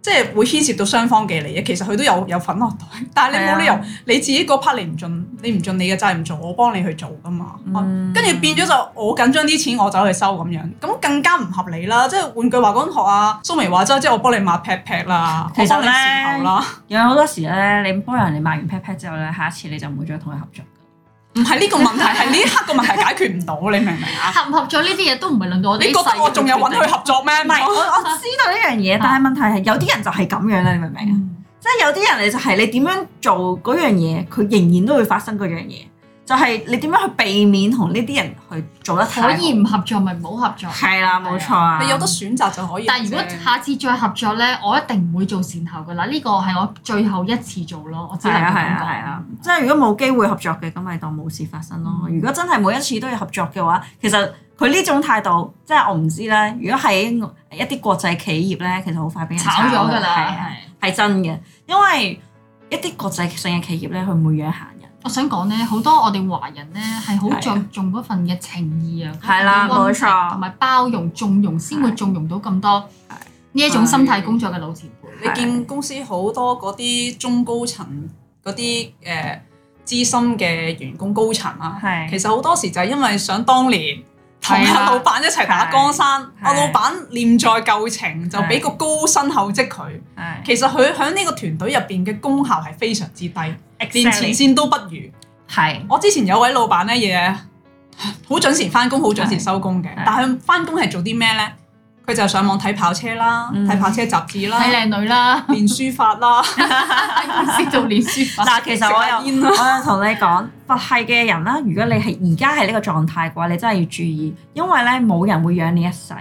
[SPEAKER 2] 即係會牽涉到雙方嘅利益，其實佢都有有份落、啊、袋，但係你冇理由是、啊、你自己嗰 part 你唔盡，你唔盡你嘅責任做，我幫你去做噶嘛。跟住、嗯啊、變咗就我緊張啲錢，我走去收咁樣，咁更加唔合理啦。即係換句話講，學阿蘇眉話齋，即係我幫你抹 pat pat 啦，其實我幫你執
[SPEAKER 1] 手尾啦。有好多時咧，你幫人哋抹完 pat pat 之後咧，下一次你就唔會再同佢合作。唔係呢個問題，係呢刻問 <laughs> 合合個問題解決唔到，你明唔
[SPEAKER 3] 明啊？合唔合作呢啲嘢都唔係輪到我哋。你覺得我仲有揾佢合作咩？唔係，我我
[SPEAKER 1] 知道呢樣嘢，但係問題係有啲人就係咁樣咧，你明唔明啊？即係有啲人就係你點樣做嗰樣嘢，佢仍然都會發生嗰樣嘢。就係你點樣去避免同呢啲人去做一齊？可以唔合作咪唔好合作。係啦、啊，冇、啊、錯啊。啊你有得
[SPEAKER 3] 選擇就可以。但係如果下次再合作呢，我一定唔會做善後噶啦。呢、呢個係我最後一次做咯，我知。我只能咁講。係啊係啊係啊！即係如果
[SPEAKER 1] 冇機會合作嘅，咁咪當冇事發生咯。嗯、如果真係每一次都要合作嘅話，其實佢呢種態度，即係我唔知呢。如果喺一啲國際企業呢，其實好快俾人炒咗㗎啦，係、啊、真嘅、啊啊。因為一啲國際性嘅企業呢，佢唔會養閑。
[SPEAKER 3] 我想講咧，好多我哋華人咧係好着重嗰份嘅情義啊，嗰份冇錯，同埋錯包容、縱容，先會縱容到咁多呢一種心態工作嘅老前輩。你見
[SPEAKER 2] 公司好多嗰啲中高層嗰啲誒資深嘅員工、高層啊，係的其實好多時就係因為想當年。同阿老闆一齊打江山，我老闆念在舊情，就俾個高薪厚職佢。其實佢喺呢個團隊入邊嘅功效係非常之低，的連前線都不如。係的，我之前有位老闆呢，嘢好準時翻工，好準時收工嘅，的但佢翻工係做啲咩呢？佢就上網睇跑車啦，睇、嗯、跑車雜誌啦，睇靚
[SPEAKER 3] 女啦，
[SPEAKER 1] 練書法啦，識做練書
[SPEAKER 3] 法。其實 <laughs> 我又同你
[SPEAKER 1] 講佛系嘅人啦，如果你係而家係呢個狀態嘅話，你真係要注意，因為咧冇人會養你一世，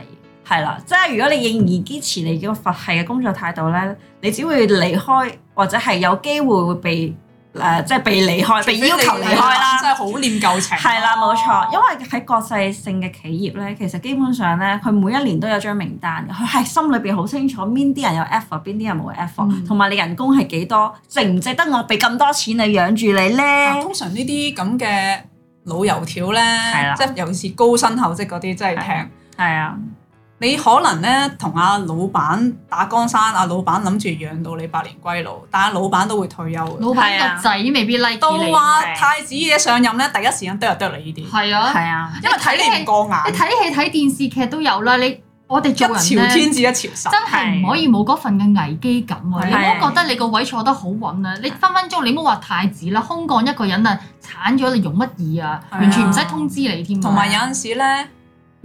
[SPEAKER 1] 係啦。即係如果你仍然堅持你個佛系嘅工作態度咧，你只會離開或者係有機會會被。誒、呃，即係被離開，被要求離開啦，啊、真係好念舊情。係啦、啊，冇錯，因為喺國際性嘅企業咧，其實基本上咧，佢每一年都有張名單，佢係心裏邊好清楚邊啲人有 f f 邊啲人冇 f 同埋你人工係幾多，值唔值得我俾咁多錢養你養住你咧？通常呢啲咁嘅老油條咧，即係、啊、尤其是高薪厚職嗰啲，
[SPEAKER 2] 真係聽。係啊。你可能咧同阿老闆打江山，阿老闆諗住養到你百年歸老，但阿老闆都會退休。老闆
[SPEAKER 3] 個仔未必嚟
[SPEAKER 2] 到，話太子嘅上任咧，第一時間都係剁你呢啲。係啊，係
[SPEAKER 3] 啊，因為睇你唔過眼。你睇戲睇電視劇都有啦，你我哋着朝天子一朝臣，啊、真係唔可以冇嗰份嘅危機感啊！啊你唔好覺得你個位坐得好穩啊，你分分鐘你唔好話太子啦，空降一個人啊，剷咗你容乜易啊，完全唔使通知你添。同埋有陣時咧。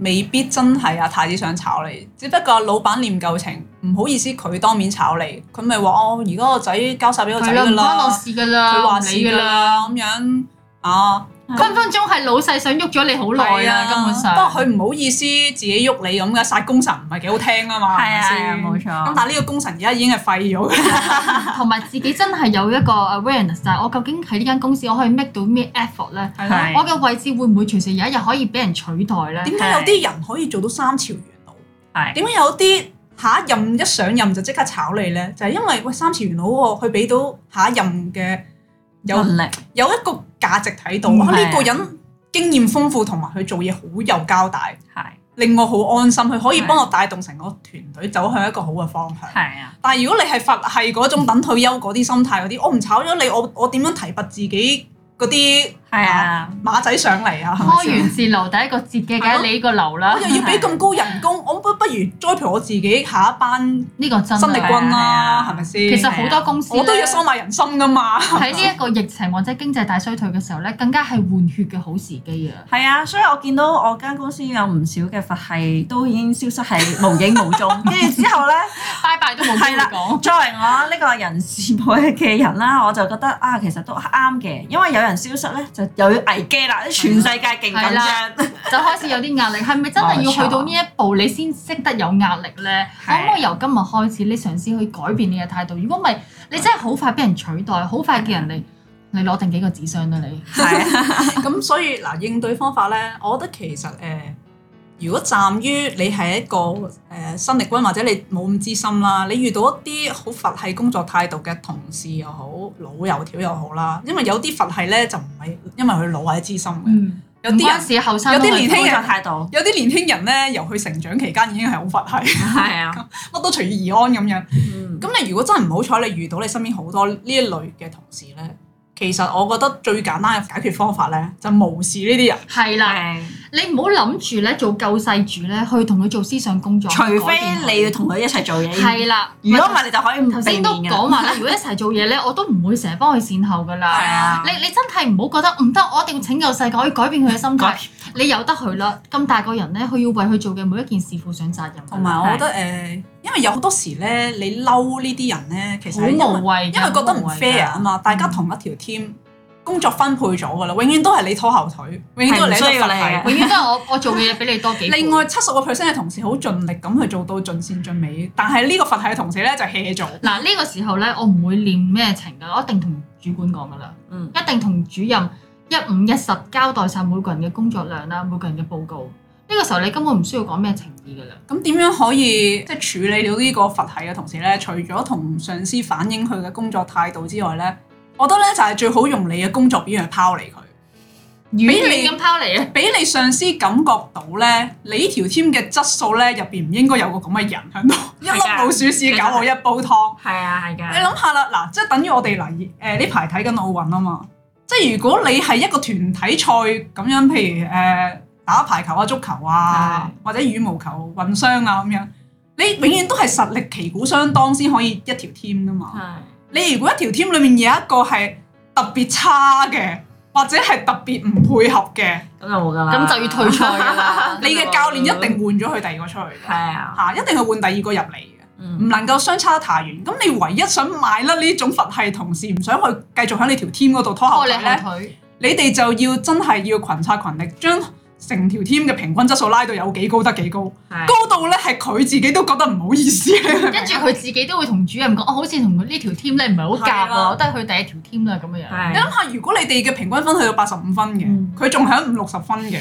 [SPEAKER 2] 未必真係阿太子想炒你，只不過老闆念舊情，唔好意思佢當面炒你，佢咪話哦，而家個仔交晒俾個仔㗎啦，唔關我事㗎啦，佢話事㗎啦咁樣啊。分分鐘係老細想喐咗你好耐啊，根本上。不過佢唔好意思自己喐你咁嘅，殺功臣唔係幾好聽啊嘛。係啊，冇錯。咁但係呢個功臣而家已經係廢咗。
[SPEAKER 3] 同埋自己真係有一個 awareness，就係我究竟喺呢間公司我可以 make 到咩 effort 咧？係。我嘅位置會唔會隨時有一日可以俾人取代咧？係。點解有啲人可以做到三朝元老？係。點解有啲下一任一上任就即刻炒
[SPEAKER 2] 你咧？就係因為喂三朝元老喎，佢俾到下一任嘅有力有一個。價值睇到呢、呢個人經驗豐富，同埋佢做嘢好有交代，的令我好安心。佢可以幫我帶動成個團隊走向一個好嘅方向。係啊的，但係如果你係佛系嗰種等退休嗰啲心態嗰啲，我唔炒咗你，我我點樣提拔自己嗰啲？係啊，馬仔上嚟啊！開源節流第一個節嘅梗係你個流啦。我又要俾咁高人工，我不不如栽培我自己下一班呢個新力軍啦，
[SPEAKER 3] 係咪
[SPEAKER 1] 先？其實好多公司，我都要收買
[SPEAKER 3] 人心㗎嘛。喺呢一個疫情或者經濟大衰退嘅時候咧，更加係換血嘅好時機啊！
[SPEAKER 1] 係啊，所以我見到我間公司有唔少嘅佛系都已經消失係無影無蹤，跟住之後咧，
[SPEAKER 3] 拜拜，都冇嘢講。作為
[SPEAKER 1] 我呢個人事部嘅人啦，我就覺得啊，其實都啱嘅，因為有人消失咧就。又要
[SPEAKER 3] 危機啦！全世界勁緊張，就開始有啲壓力。係咪 <laughs> 真係要去到呢一步，你先識得有壓力呢？的可唔可以由今日開始，你嘗試去改變你嘅態度？如果唔係，你真係好快俾人取代，快的好快叫人嚟嚟攞定幾個紙箱啦！你係咁，
[SPEAKER 2] 所以嗱，應對方法呢，我覺得其實誒。呃如果站於你係一個誒、呃、新力軍或者你冇咁資深啦，你遇到一啲好佛系工作態度嘅同事又好，老油條又好啦，因為有啲佛系咧就唔係因為佢老或者資深嘅，
[SPEAKER 1] 有啲人有啲、嗯、年輕人
[SPEAKER 2] 有啲年輕人咧由佢成長期間已經係好佛系，係、嗯、啊，乜 <laughs> 都隨遇而安咁樣。咁、嗯、你如果真係唔好彩，你遇到你身邊好多呢一類嘅同事咧。其實我覺得最
[SPEAKER 3] 簡單嘅解決方法咧，就無視呢啲人。係啦了，是你唔好諗住咧做救世主咧，去同佢做思想工作。除非你要同佢一齊做嘢。係啦了，如果唔係你就可以唔善變嘅。你都講話啦， <laughs> 如果一齊做嘢咧，我都唔會成日幫佢善後㗎啦。係啊，你你真係唔好覺得唔得，我一定要拯救世界，可以改變佢嘅心態。你由得佢啦，咁大個人咧，佢要為佢做嘅每一件事負上責任。同埋我覺得誒是、呃，因為有好多時咧，你嬲
[SPEAKER 2] 呢啲人咧，其實好無謂，因為覺得唔 fair 啊嘛，大家同一條 team，工作分配咗噶啦，嗯、永遠都係你拖後腿，
[SPEAKER 3] 永遠都係你需要你，嗯、永遠都係
[SPEAKER 2] 我我做嘅嘢比你多幾。 <laughs> 另外七十個 percent 嘅同事好盡力咁去做到盡
[SPEAKER 3] 善盡美，但係呢個佛系同事咧就 hea、hea、做。嗱呢、呢個時候咧，我唔會念咩情噶，我一定同主管講噶啦，嗯、一定同主任。一五一十交代晒每個人嘅工作量啦，啊，每個人嘅報告。呢、這個時候你根本唔需要講咩情意噶啦。咁點樣可以即係、
[SPEAKER 2] 就是、處理到呢個佛系嘅同事咧？除咗同上司反映佢嘅工作態度之外咧，我覺得咧就係、是、最好用你嘅工作表去拋離佢，
[SPEAKER 3] 俾你咁拋離咧，
[SPEAKER 2] 啊，俾你上司感覺到咧，你條 team 嘅質素咧入邊唔應該有個咁嘅人喺度，的 <laughs> 一粒老鼠屎搞我一煲湯。係啊，係噶。你諗下啦，嗱，即係等於我哋嚟誒呢排睇緊奧運啊嘛。即係如果你係一個團體賽咁樣，譬如誒、呃、打排球啊、足球啊，是的 或者羽毛球、混雙啊咁樣，你永遠都係實力旗鼓相當先可以一條 team 㗎嘛。是的 你如果一條 team 裡面有一個係特別差嘅，或者係特別唔配合嘅，咁就冇㗎啦。咁 <laughs> 就要退賽啦。 <laughs> 你嘅教練一定換咗佢第二個出去。係啊的，吓，一定係換第二個入嚟。唔、嗯、能夠相差太遠，咁你唯一想買甩呢種佛系同事，唔想去繼續喺你條 team 嗰度拖後腿、哦、你哋就要真係要群策群力，將成條 team 嘅平均質素拉到有幾高得幾高，是高到呢係佢自己都覺得唔好意思。跟
[SPEAKER 3] 住佢自己都會同主任講：哦、好的我好似同呢條 team 咧唔係好夾啊，都係佢第一條 team 啦咁嘅樣。是你諗下，如果你哋嘅
[SPEAKER 2] 平均分去到八十五分嘅，佢仲響五六十分嘅。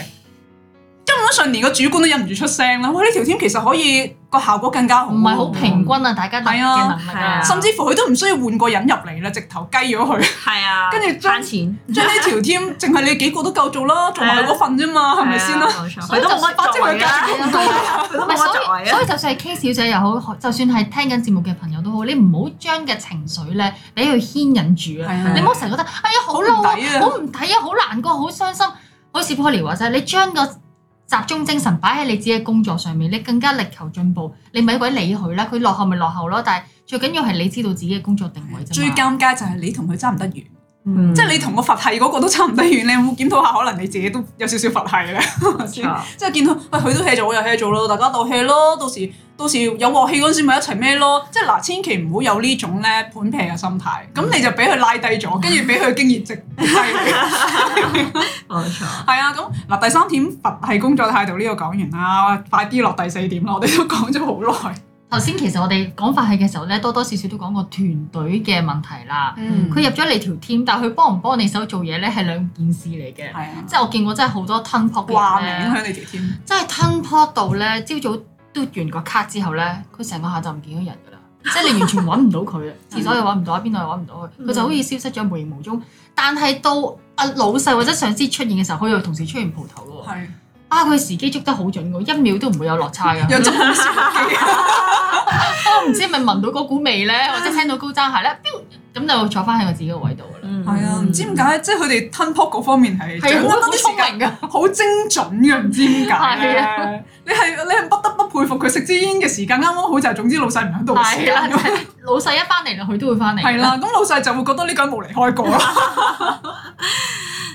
[SPEAKER 2] 基本上連個主管都忍唔住出聲啦！喂，呢條添其實可以個效果更加好，唔係好平均啊！大家都係啊，甚至乎佢都唔需要換個人入嚟啦，直頭雞咗佢。係啊，跟住將錢將呢條添，淨係你幾個都夠做啦，同埋嗰份啫嘛，係咪先啦？冇錯，所以就唔可以。所以就
[SPEAKER 3] 算係 K 小姐又好，就算係聽緊節目嘅朋友都好，你唔好將嘅情緒咧俾佢牽引住啊！你唔好成日覺得哎呀好嬲啊，好唔抵啊，好難過，好傷心，好似破離話齋，你將個集中精神擺喺你自己嘅工作上面，你更加力求進步，你咪鬼理佢啦！佢落後咪落後咯，但係最緊要係你知道自己嘅工作定位啫嘛。最尷尬就係你同佢差唔多遠，嗯、即係你同個佛系嗰個都差唔多遠。
[SPEAKER 2] 你有冇檢討下？可能你自己都有少少佛系咧。錯 <laughs> 即係見到喂，佢、哎、都 hea 做，我又 hea 做咯，大家都 hea 咯，到時。到時有鑊氣嗰陣咪一齊咩咯，即係嗱，千祈唔好有呢種咧盤平嘅心態，咁、嗯、你就俾佢拉低咗，跟住俾佢經驗值低。冇 <laughs> <laughs> 錯，係啊，咁嗱第三點，佛係工作態度呢個講完啦，快啲落第四點咯，我哋
[SPEAKER 3] 都講咗好耐。頭先其實我哋講法系嘅時候咧，多多少少都講過團隊嘅問題啦。佢入咗你條 team，但係佢幫唔幫你手做嘢咧？係兩件事嚟嘅。係啊的。即係我見過真，真係好多吞 u r n p 你條 team，真係吞 u 到 n 咧，朝早。嘟完個卡之後咧，佢成個下晝唔見咗人㗎啦， <laughs> 即係你完全揾唔到佢，廁所 <laughs> 又揾唔到，喺邊度又揾唔到佢，佢就好似消失咗無影無蹤。但係到阿老細或者上司出現嘅時候，佢又同時出現蒲頭㗎
[SPEAKER 1] 喎。
[SPEAKER 3] 係是啊，佢時機捉得好準㗎，一秒都唔會有落差㗎。有中暑嘅， <laughs> <laughs> <laughs> 我唔知係咪聞到嗰股味咧，或者聽到高踭鞋咧，咁就坐翻喺我自己個位度。係啊，唔、嗯、知點解，嗯、即係佢哋
[SPEAKER 2] 吞 u 嗰方面係好得明啲好 <laughs> 精準嘅，唔知點解咧。你係你係不得不佩服佢食支煙嘅時間啱啱好就係，總之老細唔喺度時。係的
[SPEAKER 3] <laughs> 老細一翻嚟佢都會翻嚟。係啦，
[SPEAKER 1] 咁老細就會覺得呢個人冇離開過啦。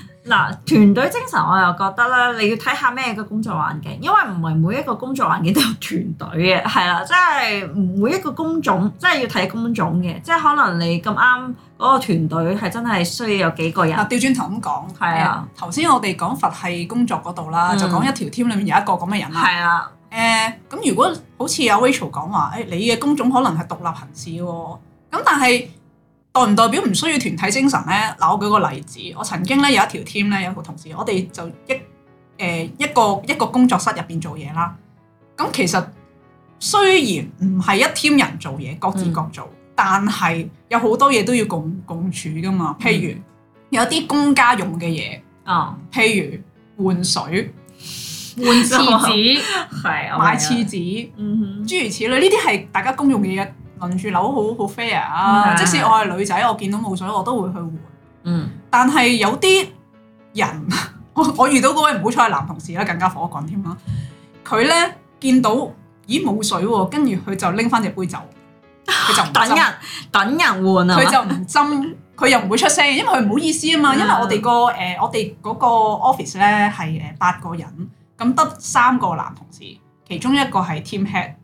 [SPEAKER 1] <laughs> <laughs> 嗱，團隊精神我又覺得啦，你要睇下咩嘅工作環境，因為唔係每一個工作環境都有團隊嘅，係啦，即係每一個工種，即係要睇工種嘅，即係可能你咁啱嗰個團隊係真係需要有幾個人。啊，調轉頭咁
[SPEAKER 2] 講，係啊的，
[SPEAKER 1] 頭先、呃、我哋講佛系工作嗰度啦，就講一條 team 裏面有一個咁嘅人啦，係
[SPEAKER 2] 啊的，誒、呃，咁如果好似阿 Rachel 講話，誒、哎，你嘅工種可能係獨立行事喎、哦，咁但係。代唔代表唔需要團體精神呢？嗱，我舉個例子，我曾經咧有一條 team 咧有一個同事，我哋就一誒、呃、一個一個工作室入邊做嘢啦。咁其實雖然唔係一 team 人做嘢，各自各做，嗯、但係有好多嘢都要共共處噶嘛。譬如、嗯、有啲公家用嘅嘢，啊、嗯，譬如換水、
[SPEAKER 1] <laughs> 換廁紙子，係 <laughs> 買廁紙子，嗯、
[SPEAKER 2] 哼諸如此類，呢啲係大家公用嘅嘢。輪住扭好好 fair 啊！Air, 嗯、即使我係女仔，我見到冇水，我都會去換。嗯，但係有啲人，我我遇到嗰位唔好彩嘅男同事咧，更加火滾添啦。佢咧見到咦，冇水喎，跟住佢就拎翻隻杯走，佢就 <laughs> 等人等人換啊。佢就唔斟，佢 <laughs> 又唔會出聲，因為佢唔好意思啊嘛。因為我哋、嗯呃、個誒我哋嗰個 office 咧係誒八個人，咁得三個男同事，其中一個係 team head,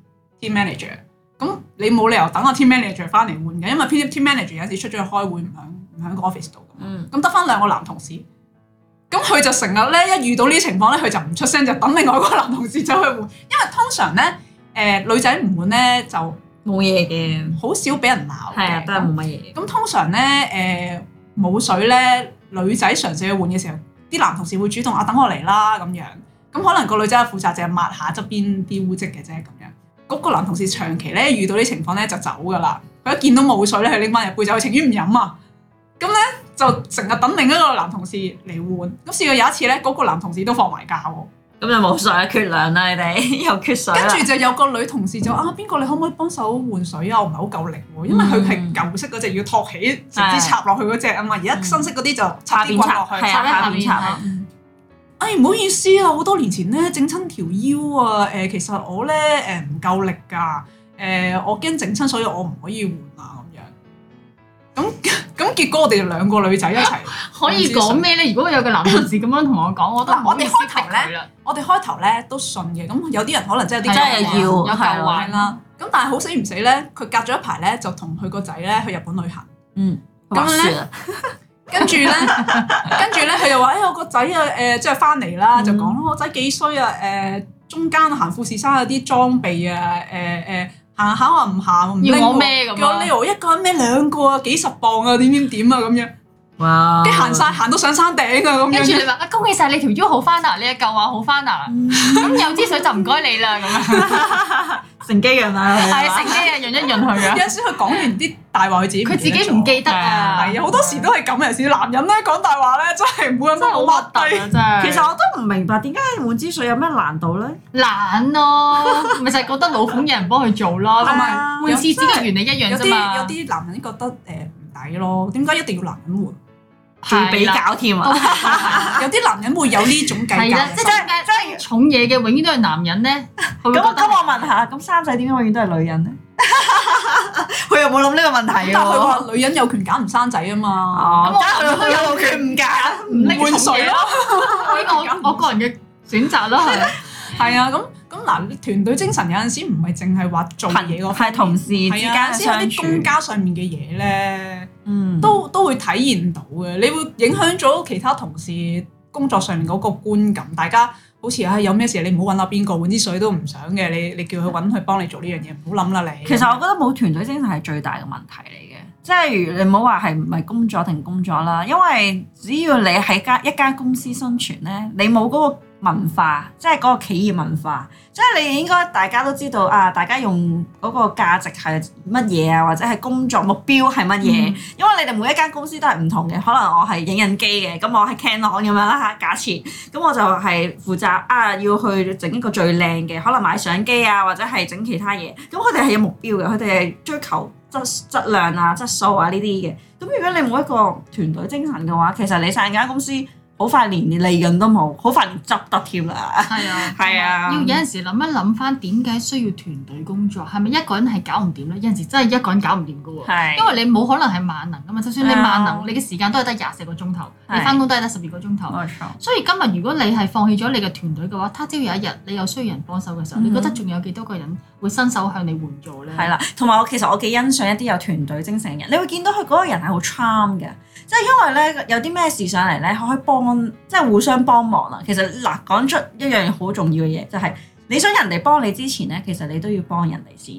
[SPEAKER 2] team manager。咁你冇理由等阿 team manager 翻嚟換嘅，因為 team manager 有陣時出咗去開會唔響唔響個 office 度嘅。咁得翻兩個男同事，咁佢就成日咧一遇到呢啲情況咧，佢就唔出聲就等另外嗰個男同事走去換，因為通常咧，誒、呃、女仔唔換咧就冇嘢嘅，好少俾人鬧，係啊都係冇乜嘢。咁樣通常咧，誒、呃、冇水咧，女仔嘗試去換嘅時候，啲男同事會主動啊，等我嚟啦咁樣，咁、嗯、可能個女仔係負責淨係抹下側邊啲污漬嘅啫咁。嗰個男同事長期咧遇到啲情況咧就走噶啦，佢一見到冇水咧，佢拎翻入杯酒情願唔飲啊！咁咧就成日等另一個男同事嚟換。咁試過有一次咧，嗰、嗰個男同事都放埋假喎，
[SPEAKER 1] 咁就冇水缺糧啦，你
[SPEAKER 2] 哋 <laughs> 又缺水。跟住就有個女同事就啊，邊個，你可唔可以幫手換水啊？我唔係好夠力喎，因為佢係舊式嗰隻要托起直接插落去嗰隻啊嘛，的而家新式嗰啲就插啲棍落去插下換插。哎，唔好意思啊，好多年前咧整親條腰啊，誒、呃，其實我咧誒唔夠力噶，誒、呃，我驚整親，所以我唔可以換啊，咁樣。咁咁結果我哋兩個女仔一齊， <laughs> 可以講咩咧？ <laughs> 如果有個男同事咁樣同我講，我都我哋開頭咧，我哋開頭咧都信嘅。咁有啲人可能真係啲真係要有夠玩啦。咁的但係好死唔死咧，佢隔咗一排咧就同佢個仔咧去日本旅行。
[SPEAKER 3] 嗯，咁樣咧。 <laughs>
[SPEAKER 2] <laughs> 跟住咧，跟住咧，佢又話，誒、哎，我個仔啊，誒、呃，即係翻嚟啦，就講咯、嗯，我仔幾衰啊，誒、呃，中間行富士山有啲裝備啊，誒、呃、誒，行下話唔行，唔拎，我叫 Leo 一個人孭兩個啊，幾十磅啊，點點點啊，咁樣。哇！啲行曬行到上山
[SPEAKER 1] 頂啊！咁跟住你話啊，恭
[SPEAKER 3] 喜晒你，條腰好翻啦，你嘅舊話好翻啦。咁換支水就唔該你啦，咁樣
[SPEAKER 1] 成機㗎嘛？係啊，成機嘅，潤一潤佢啊。有時佢講完
[SPEAKER 2] 啲大話，佢自己佢自己唔記得啊。係啊，好多時都係咁嘅先。男人咧，講大話咧，真係
[SPEAKER 1] 冇乜乜核突啊！真係。其實我都唔明白點解換支水有咩難度咧？懶
[SPEAKER 3] 咯，咪就係覺得老闆有人幫佢做咯。同埋換支水嘅原理一樣啫嘛。有
[SPEAKER 2] 啲男人覺得誒唔抵
[SPEAKER 3] 咯，點解一定要男人換？
[SPEAKER 2] 仲比較添啊！有啲男人會有呢種計較，即係即
[SPEAKER 3] 係重嘢嘅永遠都係男人咧。咁我咁我問下，咁生仔點解永遠都係女人咧？佢又冇諗呢
[SPEAKER 2] 個問題㗎喎。但佢話女人有權揀唔生仔啊嘛。咁我佢有權唔揀唔拎重嘢咯。呢，我個人嘅選擇啦，係係啊咁。咁嗱，團隊精神有陣時唔係淨係話做嘢個同事之間上面嘅嘢咧，嗯都，都都會體現到嘅。你會影響咗其他同事工作上面嗰個觀感。大家好似啊、哎，有咩事你唔好揾下邊個換支水都唔想嘅。你你叫佢揾佢幫你做呢樣嘢，唔好諗啦你。其實我覺得冇團隊精神係最大嘅問題嚟
[SPEAKER 1] 嘅。即係你唔好話係唔係工作定工作啦，因為只要你喺家一家公司生存咧，你冇嗰個，文化，即係嗰個企業文化，即係你應該大家都知道啊！大家用嗰個價值係乜嘢啊，或者係工作目標係乜嘢？嗯、因為你哋每一間公司都係唔同嘅，可能我係影印機嘅，咁我係 Canon 咁樣啦嚇，假設，咁我就係負責啊，要去整一個最靚嘅，可能買相機啊，或者係整其他嘢。咁佢哋係有目標嘅，佢哋係追求質質量啊、質素啊呢啲嘅。咁、啊、如果你冇一個團隊精神嘅話，其實你上間公司。好快連利潤都冇，好快連執得添啦。係啊，
[SPEAKER 3] 係啊，要有陣時諗一諗翻點解需要團隊工作，係咪一個人係搞唔掂咧？有陣時真係一個人搞唔掂嘅喎。是因為你冇可能係萬能噶嘛，就算你萬能，呃、你嘅時間都係得廿四個鐘頭，是你翻工都係得十二個鐘頭。錯所以今日如果你係放棄咗你嘅團隊嘅話，他朝有一日你有需要人幫手嘅時候，嗯、哼你覺得仲有幾多個人會伸手向你援助呢？係啦、
[SPEAKER 1] 啊，同埋我其實我幾欣賞一啲有團隊精神嘅人，你會見到佢嗰個人係好 charm 嘅。即係因為咧，有啲咩事上嚟咧，可以幫，即係互相幫忙啦。其實嗱，講出一樣好重要嘅嘢，就係你想人哋幫你之前咧，其實你都要幫人哋先。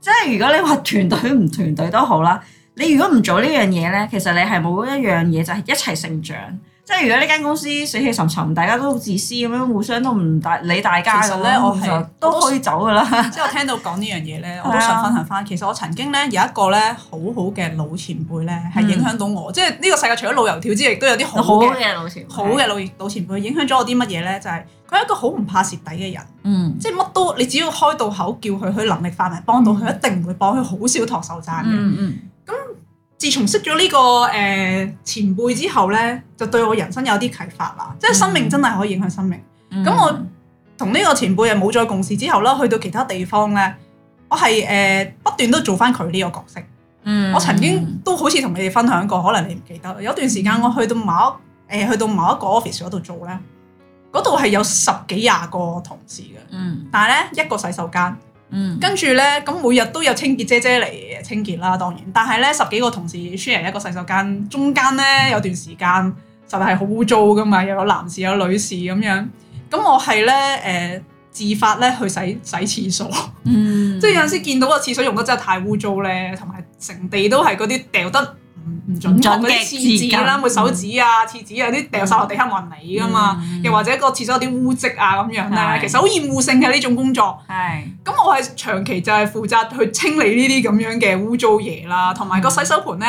[SPEAKER 1] 即係如果你話團隊唔團隊都好啦，你如果唔做呢樣嘢咧，其實你係冇一樣嘢就係一齊成長。即係如果呢間公司死氣沉沉，大家都好自私咁樣，互相都唔大理大家咁咧，我其都，都可以走噶啦。
[SPEAKER 2] 即係我聽到講呢樣嘢咧， <laughs> 我都想分享
[SPEAKER 1] 翻。其實我曾經咧有一個咧
[SPEAKER 2] 好好嘅老前輩咧，係影響到我。嗯、即係呢個世界除咗老油條之外，亦都有啲好好嘅老前好嘅老到前輩，前輩影響咗我啲乜嘢咧？就係佢係一個好唔怕蝕底嘅人。嗯、即係乜都，你只要開到口叫佢，佢能力範圍幫到佢，嗯、一定會幫。佢好少托手踭嘅。嗯自從識咗呢、這個誒、呃、前輩之後呢，就對我人生有啲啟發啦。Mm hmm. 即係生命真係可以影響生命。咁、mm hmm. 我同呢個前輩又冇再共事之後啦，去到其他地方呢，我係誒、呃、不斷都做翻佢呢個角色。Mm
[SPEAKER 3] hmm. 我曾經
[SPEAKER 2] 都好似同你哋分享過，可能你唔記得。有段時間我去到某誒、呃、去到某一個 office 嗰度做呢，嗰度係有十幾廿個同事嘅，mm hmm. 但係呢一個洗手間。嗯，跟住咧，咁每日都有清潔姐姐嚟清潔啦，當然。但係咧，十幾個同事 share 一個洗手間，中間咧有段時間實係好污糟噶嘛，又有，有男士有，有女士咁樣。咁我係咧誒自發咧去洗洗廁所。嗯， <laughs> <laughs> 嗯，即係有陣時見到個廁所用得真係太污糟咧，同埋成地都係嗰啲掉得唔準擋啲廁紙啦，抹手指啊、廁紙啊啲掉晒落地下問你噶嘛，又或者個廁所有啲污漬啊咁樣咧，其實好厭惡性嘅呢種工作。係，咁我係長期就係負責去清理呢啲咁樣嘅污糟嘢啦，同埋個洗手盤咧，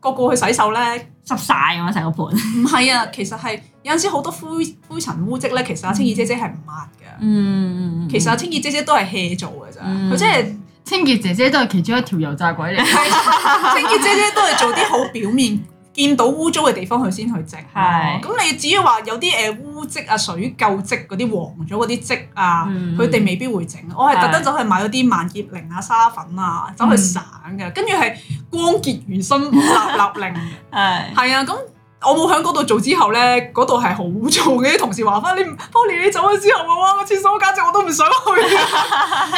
[SPEAKER 2] 個個去洗手咧，濕曬我成個盤。唔係啊，其實係有陣時好多灰灰塵污漬咧，其實阿清潔姐姐係唔抹嘅。嗯，其實阿清潔姐姐都係 hea 做嘅咋，佢真係。清潔姐姐都係其中一條油炸鬼嚟， <laughs> <laughs> 清潔姐姐都係做啲好表面， <laughs> 見到污糟嘅地方佢先去整。係是，咁你至於話有啲誒污漬啊、水垢漬嗰啲黃咗嗰啲漬啊，佢哋、嗯、未必會整。是我係特登走去買嗰啲萬潔靈啊、沙粉啊，走是去省嘅，跟住係光潔如新，立立令。係 <laughs> 是，係是啊，咁。我冇喺嗰度做之後咧，嗰度係好污糟嘅。啲同事話翻你 Polly 你走咗之後，oly, 之後我個廁所簡直我都唔想去。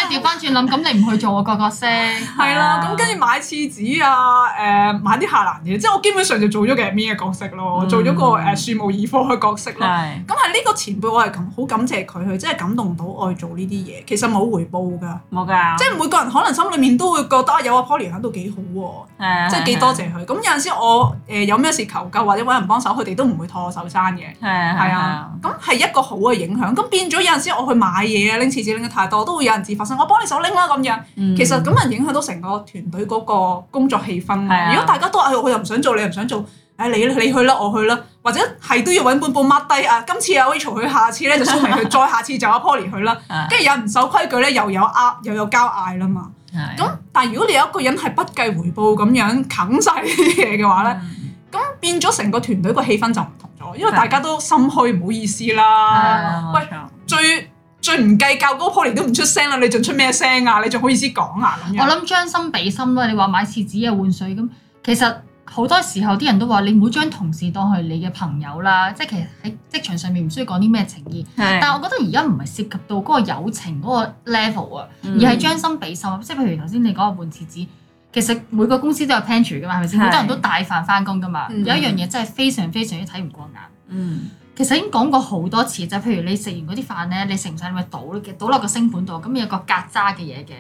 [SPEAKER 2] 即係
[SPEAKER 3] 調翻轉諗，咁你唔去做個角色，係啦、 <laughs> 嗯。咁跟住買廁紙啊，
[SPEAKER 2] 誒買啲下欄嘢，即係我基本上就做咗嘅咩嘅角色咯，做咗個誒樹木二科嘅角色咯。咁係呢個前輩，我係好感謝佢，佢真係感動到我去做呢啲嘢。其實冇回報㗎，即係每個人可能心裡面都會覺得、啊、有阿 Polly 喺度幾好喎，即
[SPEAKER 3] 係幾多謝佢。咁有陣時
[SPEAKER 2] 我誒有咩事求救或者。有人幫手，佢哋都唔會拖我手踭嘅係啊，係啊。咁係一個好嘅影響。咁變咗有陣時我去買嘢啊，拎廁紙拎得太多，都會有人自發性我幫你手拎啦咁樣。嗯、其實咁樣影響到成個團隊嗰個工作氣氛。啊、如果大家都嗌我，我又唔想做，你又唔想做，誒、哎，你你去啦，我去啦，或者係都要揾本簿 mark 低啊。今次啊，Rachel 去，下次咧，就送明佢，再下次就阿 Polly 去啦。跟住、嗯、有人唔守規矩咧，又有呃，又有交嗌啦嘛。咁、啊、但係如果你有一個人係不計回報咁樣啃晒啲嘢嘅話咧。嗯咁變咗成個團隊個氣氛就唔同咗，因為大家都心虛，唔好意思啦。的喂，錯最最唔計較嗰個 Polly 都唔出聲啦，你仲出
[SPEAKER 3] 咩聲啊？你仲好意思講啊？我諗將心比心咯，你話買廁紙啊換水咁，其實好多時候啲人都話你唔好將同事當係你嘅朋友啦，即係其實喺職場上面唔需要講啲咩情意，的但係我覺得而家唔係涉及到嗰個友情嗰個 level 啊、嗯，而係將心比心，即係譬如頭先你講嘅換廁紙。其實每個公司都有 pantry 嘅嘛，係咪先？好是多人都帶飯翻工噶嘛，嗯、有一樣嘢真係非常非常之睇唔過眼。嗯，其實已經講過好多次就是、譬如你食完嗰啲飯咧，你食唔曬咪倒倒落個鋅盆度，咁有個曱甴嘅嘢嘅。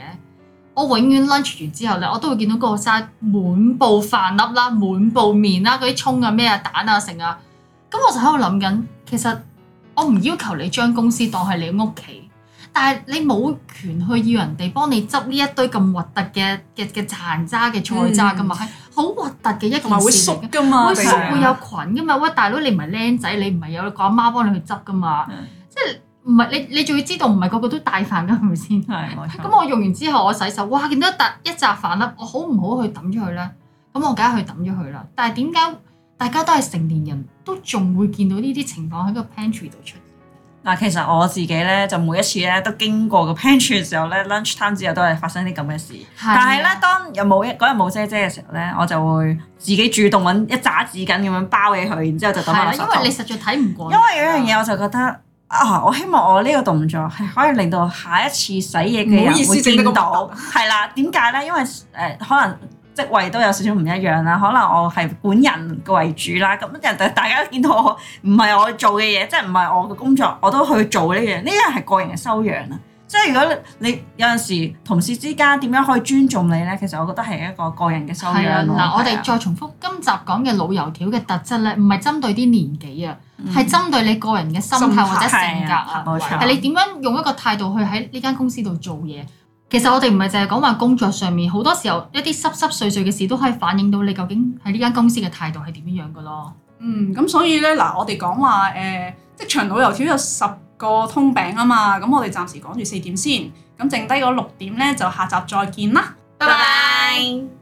[SPEAKER 3] 我永遠 lunch 完之後咧，我都會見到個沙滿布飯粒啦，滿布麵啦，嗰啲葱啊、咩啊、蛋啊、成啊。咁我就喺度諗緊，其實我唔要求你將公司當係你屋企。但係你冇權去要人哋幫你執呢一堆咁核突嘅嘅嘅殘渣嘅菜渣㗎嘛，係好核突嘅一件事嚟嘅，同埋會縮㗎嘛，會縮會有菌㗎嘛。的喂，大佬你唔係僆仔，你唔係有個阿媽，媽幫你去執㗎嘛，的即係唔係你你仲要知道唔係個個都帶飯㗎係咪先？咁我用完之後我洗手，哇見到一笪一紮飯粒，我好唔好去抌咗佢咧？咁我梗係去抌咗佢啦。但係點解大家都係成年人都仲會見到呢啲情況喺個 pantry 度出？
[SPEAKER 1] 嗱，其實我自己咧，就每一次咧都經過個 pantry 嘅時候咧，lunchtime 之後都係發生啲咁嘅事。但係咧，當又冇一嗰日冇姐姐嘅時候咧，我就會自己主動揾一紮紙巾咁樣包起佢，然之後就攞翻手。係啦，因為你實在睇唔過。因為有一樣嘢，我就覺得啊，我希望我呢個動作係可以令到下一次洗嘢嘅人會見到。係啦，點解咧？因為誒可能。職位都有少少唔一樣啦，可能我係本人嘅為主啦，咁人哋大家都見到我唔係我做嘅嘢，即係唔係我嘅工作，我都去做呢樣，呢樣係個人嘅修養啊！即係如果你有陣時同事之間點樣可以尊重你呢？其實我覺得係一個個人嘅修養咯。的我哋再
[SPEAKER 3] 重複今集講嘅老油條嘅特質呢，唔係針對啲年紀啊，係、嗯、針對你個人嘅心態或者性格啊，係你點樣用一個態度去喺呢間公司度做嘢。其實我哋唔係淨係講話工作上面，好多時候一啲濕濕碎碎嘅事都可以反映到你究竟喺呢間公司嘅態度係點樣嘅咯。嗯，咁所以呢，嗱，我哋講話
[SPEAKER 2] 誒職場老油條有十個通病啊嘛，咁我哋暫時講住四點先，咁剩低嗰六點呢，就下集再見啦。
[SPEAKER 1] 拜拜。